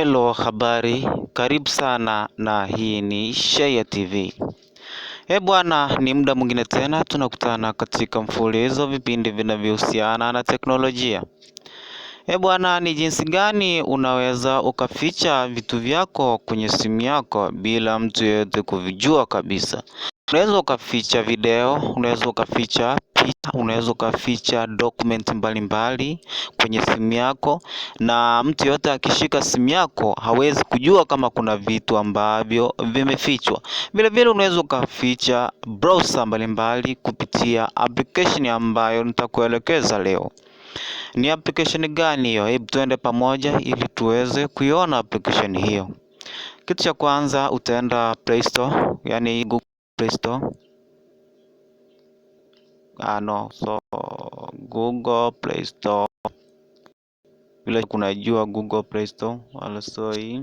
Hello, habari, karibu sana na hii ni Shayia TV. E eh, bwana, ni muda mwingine tena tunakutana katika mfululizo vipindi vinavyohusiana na teknolojia. E bwana, ni jinsi gani unaweza ukaficha vitu vyako kwenye simu yako bila mtu yeyote kuvijua kabisa. Unaweza ukaficha video, unaweza ukaficha picha, unaweza ukaficha document mbalimbali kwenye simu yako, na mtu yeyote akishika simu yako hawezi kujua kama kuna vitu ambavyo vimefichwa. Vilevile unaweza ukaficha browser mbalimbali kupitia application ambayo nitakuelekeza leo. Ni application gani hiyo? Hebu tuende pamoja ili tuweze kuiona application hiyo. Kitu cha kwanza utaenda Play Store, yani Google Play Store ano, ah, so Google Play Store, vile kunajua Google Play Store also hii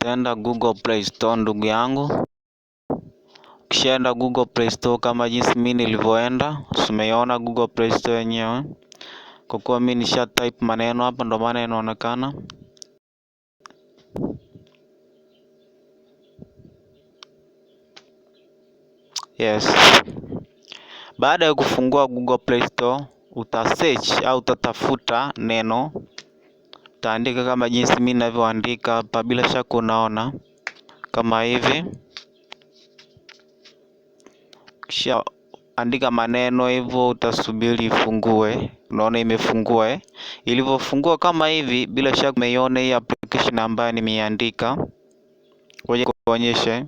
Utaenda Google Play Store ndugu yangu. Ukishaenda Google Play Store kama jinsi mimi nilivyoenda, usimeiona Google Play Store yenyewe. Kwa kuwa mimi nisha type maneno hapa, ndio maana inaonekana. Yes. Baada ya kufungua Google Play Store, uta search au utatafuta neno, utaandika kama jinsi mimi ninavyoandika hapa, bila shaka unaona kama hivi, kisha andika maneno hivyo, utasubiri ifungue. Unaona imefungua eh? Ilivyofungua kama hivi, bila shaka umeiona hii application ambayo nimeandika, ngoja kuonyeshe.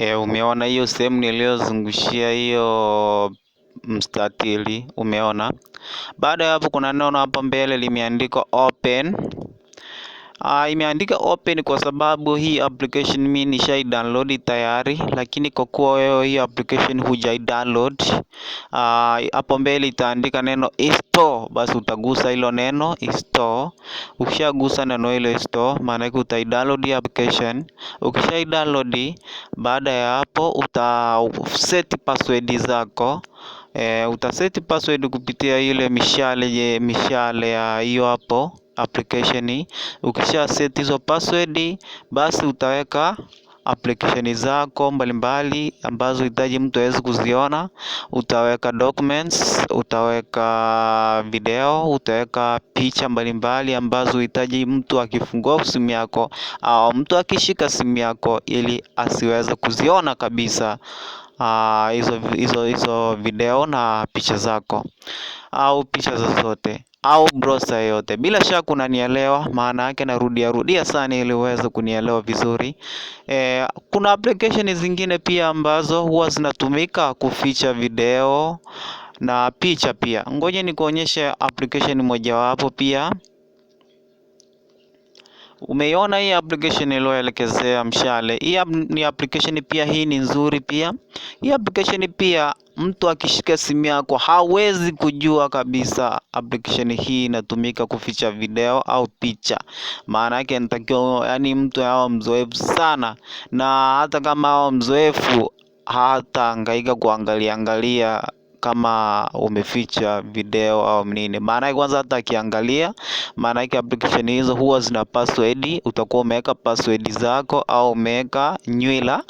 E, umeona hiyo sehemu niliyozungushia hiyo mstatili, umeona. Baada ya hapo, kuna neno hapo mbele limeandikwa open Uh, imeandika open kwa sababu hii application mimi nishai download tayari, lakini kwa kuwa wewe hii application hujai download ah, hapo, uh, mbele itaandika neno install, basi utagusa hilo neno store. Ukishagusa neno hilo install, maana yake utai download hii application. Ukishai download, baada ya hapo uta set password zako. E, eh, utaseti password kupitia ile mishale mishale ya hiyo hapo application Ukisha set hizo password basi utaweka application zako mbalimbali ambazo huhitaji mtu aweze kuziona, utaweka documents, utaweka video, utaweka picha mbalimbali ambazo huhitaji mtu akifungua simu yako au mtu akishika simu yako ili asiweze kuziona kabisa ah, hizo hizo video na picha zako au picha zozote au browser yoyote. Bila shaka unanielewa, maana yake narudia rudia sana ili uweze kunielewa vizuri. E, kuna application zingine pia ambazo huwa zinatumika kuficha video na picha pia. Ngoja nikuonyeshe application mojawapo pia. Umeiona hii application iliyoelekezea mshale. Hii ni application pia hii ni nzuri pia. Hii application pia mtu akishika simu yako hawezi kujua kabisa application hii inatumika kuficha video au picha. Maana yake nitakiwa, yani mtu awe mzoefu sana, na hata kama awe mzoefu angaika kuangalia angalia kama umeficha video au nini. Maanake kwanza hata akiangalia, maanake application hizo huwa zina password, utakuwa umeweka password zako au umeweka nywila,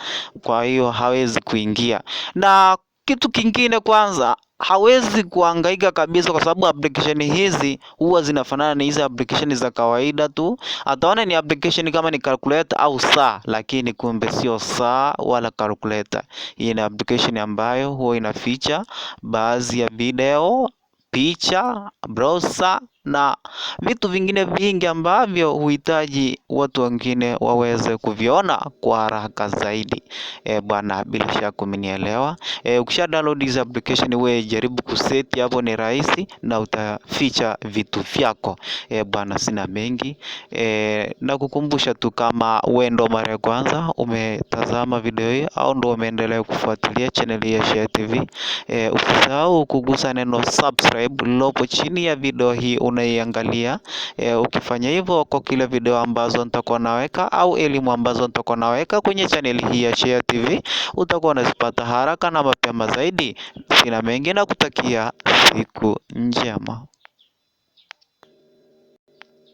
kwa hiyo hawezi kuingia na kitu kingine kwanza hawezi kuangaika kabisa kwa sababu application hizi huwa zinafanana na hizi application za kawaida tu. Ataona ni application kama ni calculator au saa, lakini kumbe sio saa wala calculator. Hii ni application ambayo huwa inaficha baadhi ya video, picha, browser na vitu vingine vingi ambavyo huhitaji watu wengine waweze kuviona kwa haraka zaidi. E, bwana bila shaka umenielewa. E, ukisha download hizi application wewe jaribu kuseti hapo, ni rahisi na utaficha vitu vyako. E, bwana sina mengi e, na kukumbusha tu kama we ndo mara ya kwanza umetazama video hii au ndo umeendelea kufuatilia channel ya Shayia TV. E, usisahau kugusa neno subscribe lilopo chini ya video hii unaiangalia. E, ukifanya hivyo kwa kila video ambazo nitakuwa naweka au elimu ambazo nitakuwa naweka kwenye chaneli hii ya Shayia TV utakuwa unazipata haraka na mapema zaidi. Sina mengi na kutakia siku njema.